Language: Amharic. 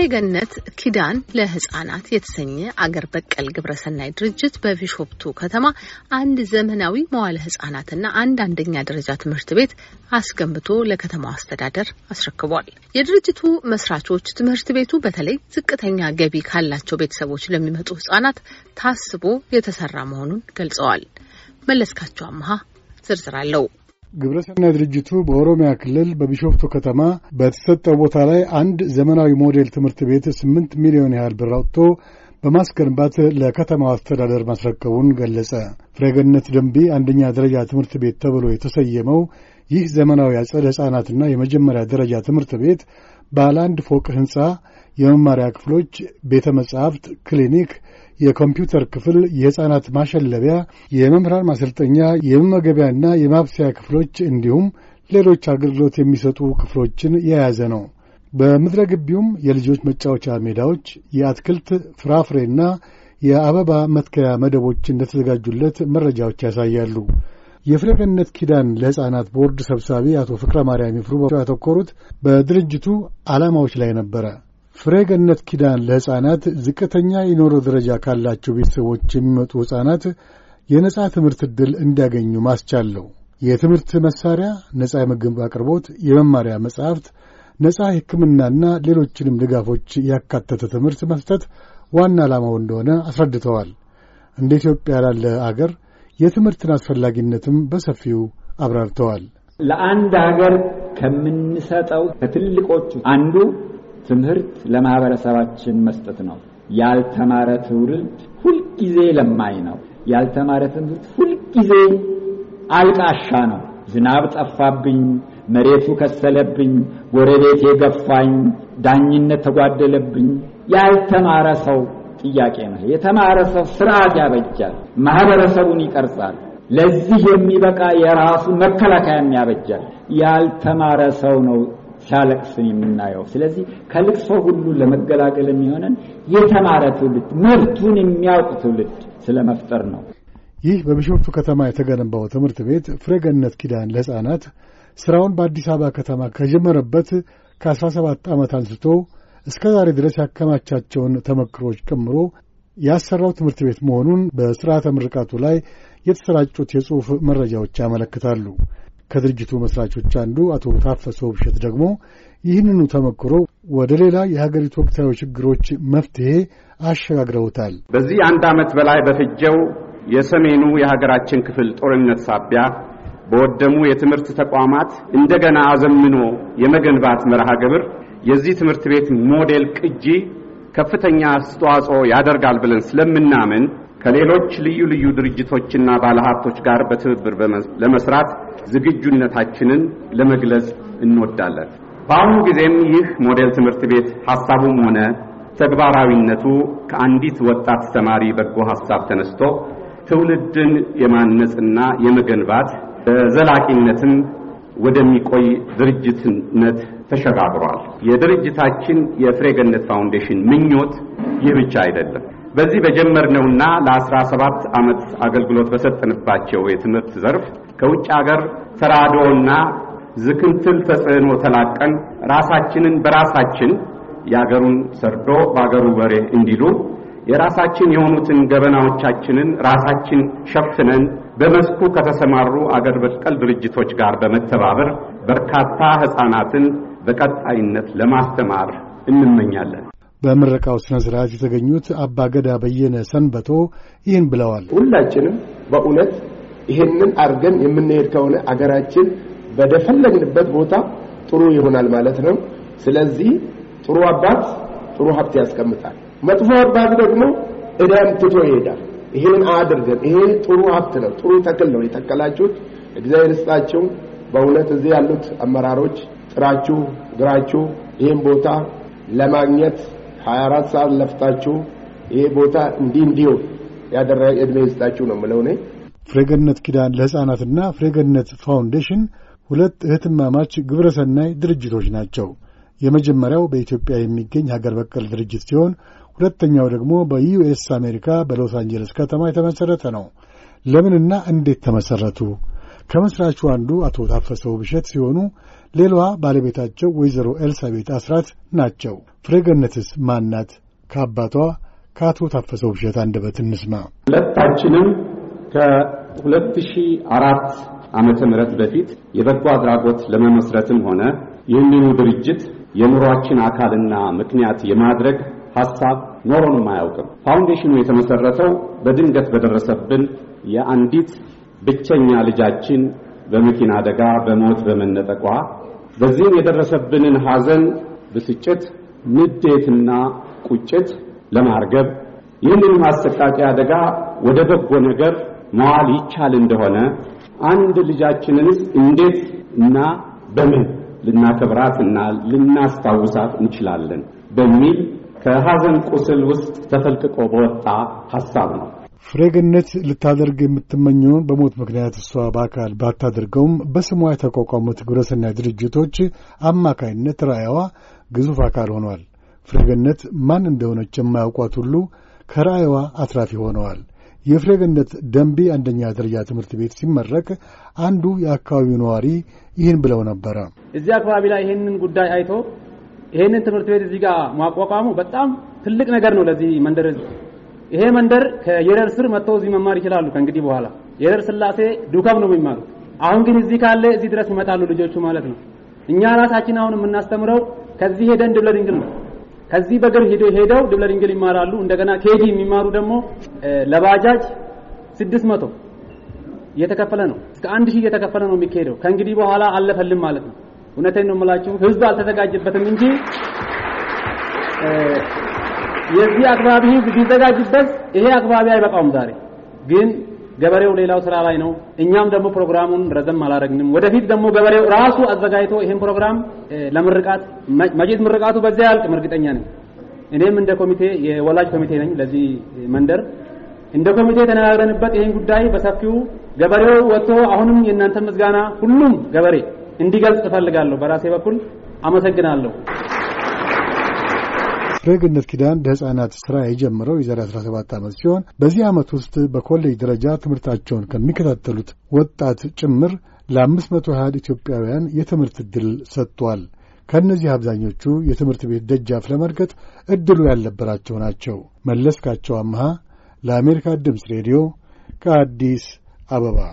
ፍሬ ኪዳን ለህፃናት የተሰኘ አገር በቀል ግብረሰናይ ድርጅት በቢሾፍቱ ከተማ አንድ ዘመናዊ መዋለ ሕጻናትና አንድ አንደኛ ደረጃ ትምህርት ቤት አስገንብቶ ለከተማው አስተዳደር አስረክቧል። የድርጅቱ መስራቾች ትምህርት ቤቱ በተለይ ዝቅተኛ ገቢ ካላቸው ቤተሰቦች ለሚመጡ ህጻናት ታስቦ የተሰራ መሆኑን ገልጸዋል። መለስካቸው አመሃ ዝርዝር አለው። ግብረሰናይ ድርጅቱ በኦሮሚያ ክልል በቢሾፍቱ ከተማ በተሰጠው ቦታ ላይ አንድ ዘመናዊ ሞዴል ትምህርት ቤት ስምንት ሚሊዮን ያህል ብር አውጥቶ በማስገንባት ለከተማው አስተዳደር ማስረከቡን ገለጸ። ፍሬገነት ደንቢ አንደኛ ደረጃ ትምህርት ቤት ተብሎ የተሰየመው ይህ ዘመናዊ አጸደ ሕፃናትና የመጀመሪያ ደረጃ ትምህርት ቤት ባለ አንድ ፎቅ ሕንፃ፣ የመማሪያ ክፍሎች፣ ቤተ መጻሕፍት፣ ክሊኒክ የኮምፒውተር ክፍል፣ የሕፃናት ማሸለቢያ፣ የመምህራን ማሰልጠኛ፣ የመመገቢያና የማብሰያ ክፍሎች እንዲሁም ሌሎች አገልግሎት የሚሰጡ ክፍሎችን የያዘ ነው። በምድረ ግቢውም የልጆች መጫወቻ ሜዳዎች፣ የአትክልት ፍራፍሬና የአበባ መትከያ መደቦች እንደተዘጋጁለት መረጃዎች ያሳያሉ። የፍሬ ኪዳን ለሕፃናት ቦርድ ሰብሳቢ አቶ ፍቅረ ማርያም ይፍሩ ያተኮሩት በድርጅቱ ዓላማዎች ላይ ነበረ። ፍሬ ገነት ኪዳን ለሕፃናት ዝቅተኛ የኑሮ ደረጃ ካላቸው ቤተሰቦች የሚመጡ ሕፃናት የነጻ ትምህርት ዕድል እንዲያገኙ ማስቻል ነው። የትምህርት መሣሪያ፣ ነጻ የምግብ አቅርቦት፣ የመማሪያ መጻሕፍት፣ ነጻ ሕክምናና ሌሎችንም ድጋፎች ያካተተ ትምህርት መስጠት ዋና ዓላማው እንደሆነ አስረድተዋል። እንደ ኢትዮጵያ ላለ አገር የትምህርትን አስፈላጊነትም በሰፊው አብራርተዋል። ለአንድ አገር ከምንሰጠው ከትልቆቹ አንዱ ትምህርት ለማህበረሰባችን መስጠት ነው። ያልተማረ ትውልድ ሁልጊዜ ለማኝ ነው። ያልተማረ ትምህርት ሁልጊዜ አልቃሻ ነው። ዝናብ ጠፋብኝ፣ መሬቱ ከሰለብኝ፣ ጎረቤቴ የገፋኝ ዳኝነት ተጓደለብኝ። ያልተማረ ሰው ጥያቄ ነው። የተማረ ሰው ስርዓት ያበጃል፣ ማህበረሰቡን ይቀርጻል። ለዚህ የሚበቃ የራሱ መከላከያም ያበጃል። ያልተማረ ሰው ነው ሲያለቅስን የምናየው። ስለዚህ ከልቅሶ ሁሉ ለመገላገል የሚሆነን የተማረ ትውልድ፣ መብቱን የሚያውቅ ትውልድ ስለመፍጠር ነው። ይህ በቢሾፍቱ ከተማ የተገነባው ትምህርት ቤት ፍሬገነት ኪዳን ለሕፃናት ሥራውን በአዲስ አበባ ከተማ ከጀመረበት ከ17 ዓመት አንስቶ እስከ ዛሬ ድረስ ያከማቻቸውን ተመክሮች ቀምሮ ያሰራው ትምህርት ቤት መሆኑን በሥርዓተ ምርቃቱ ላይ የተሰራጩት የጽሑፍ መረጃዎች ያመለክታሉ። ከድርጅቱ መስራቾች አንዱ አቶ ታፈሰ ውብሸት ደግሞ ይህንኑ ተመክሮ ወደ ሌላ የሀገሪቱ ወቅታዊ ችግሮች መፍትሄ አሸጋግረውታል። በዚህ አንድ ዓመት በላይ በፈጀው የሰሜኑ የሀገራችን ክፍል ጦርነት ሳቢያ በወደሙ የትምህርት ተቋማት እንደገና አዘምኖ የመገንባት መርሃ ግብር የዚህ ትምህርት ቤት ሞዴል ቅጂ ከፍተኛ አስተዋጽኦ ያደርጋል ብለን ስለምናምን ከሌሎች ልዩ ልዩ ድርጅቶችና ባለሀብቶች ጋር በትብብር ለመስራት ዝግጁነታችንን ለመግለጽ እንወዳለን። በአሁኑ ጊዜም ይህ ሞዴል ትምህርት ቤት ሀሳቡም ሆነ ተግባራዊነቱ ከአንዲት ወጣት ተማሪ በጎ ሀሳብ ተነስቶ ትውልድን የማነጽና የመገንባት በዘላቂነትም ወደሚቆይ ድርጅትነት ተሸጋግሯል። የድርጅታችን የፍሬገነት ፋውንዴሽን ምኞት ይህ ብቻ አይደለም። በዚህ በጀመርነውና ለ17 ዓመት አገልግሎት በሰጠንባቸው የትምህርት ዘርፍ ከውጭ ሀገር ተራድኦና ዝክንትል ተጽዕኖ ተላቀን ራሳችንን በራሳችን የአገሩን ሰርዶ በአገሩ በሬ እንዲሉ የራሳችን የሆኑትን ገበናዎቻችንን ራሳችን ሸፍነን በመስኩ ከተሰማሩ አገር በቀል ድርጅቶች ጋር በመተባበር በርካታ ሕፃናትን በቀጣይነት ለማስተማር እንመኛለን። በምረቃው ስነ ስርዓት የተገኙት ገዳ በየነ ሰንበቶ ይህን ብለዋል። ሁላችንም በእውነት ይህንን አድርገን የምንሄድ ከሆነ አገራችን በደፈለግንበት ቦታ ጥሩ ይሆናል ማለት ነው። ስለዚህ ጥሩ አባት ጥሩ ሀብት ያስቀምጣል፣ መጥፎ አባት ደግሞ እዳም ትቶ ይሄዳል። ይሄን አድርገን ይሄ ጥሩ ሀብት ነው፣ ጥሩ ተክል ነው የተከላችሁት። እግዚአብሔር ይስጣችሁ። በእውነት እዚህ ያሉት አመራሮች ጥራችሁ ግራችሁ ይህን ቦታ ለማግኘት 24 ሰዓት ለፍታችሁ ይሄ ቦታ እንዲህ እንዲሁ ያደረገ እድሜ ይስጣችሁ ነው የምለው እኔ። ፍሬገነት ኪዳን ለሕፃናትና ፍሬገነት ፋውንዴሽን ሁለት እህትማማች ግብረሰናይ ድርጅቶች ናቸው። የመጀመሪያው በኢትዮጵያ የሚገኝ ሀገር በቀል ድርጅት ሲሆን ሁለተኛው ደግሞ በዩኤስ አሜሪካ በሎስ አንጀለስ ከተማ የተመሠረተ ነው። ለምንና እንዴት ተመሠረቱ? ከመሥራቹ አንዱ አቶ ታፈሰው ብሸት ሲሆኑ ሌላዋ ባለቤታቸው ወይዘሮ ኤልሳቤት አስራት ናቸው። ፍሬገነትስ ማናት? ከአባቷ ከአቶ ታፈሰው ብሸት አንደበት እንስማ። ሁለታችንም ከ 2004 ዓመተ ምህረት በፊት የበጎ አድራጎት ለመመስረትም ሆነ ይህንኑ ድርጅት የኑሯችን አካልና ምክንያት የማድረግ ሐሳብ ኖሮንም አያውቅም። ፋውንዴሽኑ የተመሰረተው በድንገት በደረሰብን የአንዲት ብቸኛ ልጃችን በመኪና አደጋ በሞት በመነጠቋ በዚህም የደረሰብንን ሐዘን፣ ብስጭት፣ ንዴትና ቁጭት ለማርገብ ይህንንም አሰቃቂ አደጋ ወደ በጎ ነገር መዋል ይቻል እንደሆነ አንድ ልጃችንንስ እንዴት እና በምን ልናከብራትና ልናስታውሳት እንችላለን በሚል ከሐዘን ቁስል ውስጥ ተፈልቅቆ በወጣ ሐሳብ ነው። ፍሬግነት ልታደርግ የምትመኘውን በሞት ምክንያት እሷ በአካል ባታደርገውም በስሟ የተቋቋሙት ግብረሰናይ ድርጅቶች አማካይነት ራዕይዋ ግዙፍ አካል ሆኗል። ፍሬግነት ማን እንደሆነች የማያውቋት ሁሉ ከራዕይዋ አትራፊ ሆነዋል። የፍሬግነት ደንቢ አንደኛ ደረጃ ትምህርት ቤት ሲመረቅ አንዱ የአካባቢው ነዋሪ ይህን ብለው ነበረ። እዚህ አካባቢ ላይ ይህንን ጉዳይ አይቶ ይህንን ትምህርት ቤት እዚህ ጋር ማቋቋሙ በጣም ትልቅ ነገር ነው ለዚህ መንደር ይሄ መንደር ከየረር ስር መጥተው እዚህ መማር ይችላሉ። ከእንግዲህ በኋላ የረር ስላሴ ዱከም ነው የሚማሩት። አሁን ግን እዚህ ካለ እዚህ ድረስ ይመጣሉ ልጆቹ ማለት ነው። እኛ ራሳችን አሁን የምናስተምረው ከዚህ ሄደን ድብለ ድንግል ነው። ከዚህ በእግር ሄደው ድብለ ድንግል ይማራሉ። እንደገና ኬጂ የሚማሩ ደግሞ ለባጃጅ ስድስት መቶ እየተከፈለ ነው እስከ አንድ ሺህ እየተከፈለ ነው የሚካሄደው። ከእንግዲህ በኋላ አለፈልም ማለት ነው። እውነቴን ነው የምላችሁ ህዝብ አልተዘጋጀበትም እንጂ የዚህ አግባቢ ህዝብ ቢዘጋጅበት ይሄ አግባቢ አይበቃውም። ዛሬ ግን ገበሬው ሌላው ስራ ላይ ነው። እኛም ደግሞ ፕሮግራሙን ረዘም አላረግንም። ወደፊት ደግሞ ገበሬው ራሱ አዘጋጅቶ ይህን ፕሮግራም ለምርቃት መቼት ምርቃቱ በዚያ ያልቅም እርግጠኛ ነኝ። እኔም እንደ ኮሚቴ የወላጅ ኮሚቴ ነኝ ለዚህ መንደር እንደ ኮሚቴ ተነጋግረንበት ይህን ጉዳይ በሰፊው ገበሬው ወጥቶ አሁንም የእናንተ ምስጋና ሁሉም ገበሬ እንዲገልጽ እፈልጋለሁ። በራሴ በኩል አመሰግናለሁ። ፍሬግነት ኪዳን ለሕፃናት ሥራ የጀመረው የዛሬ 17 ዓመት ሲሆን በዚህ ዓመት ውስጥ በኮሌጅ ደረጃ ትምህርታቸውን ከሚከታተሉት ወጣት ጭምር ለ521 ኢትዮጵያውያን የትምህርት ዕድል ሰጥቷል። ከእነዚህ አብዛኞቹ የትምህርት ቤት ደጃፍ ለመርገጥ ዕድሉ ያልነበራቸው ናቸው። መለስካቸው አምሃ ለአሜሪካ ድምፅ ሬዲዮ ከአዲስ አበባ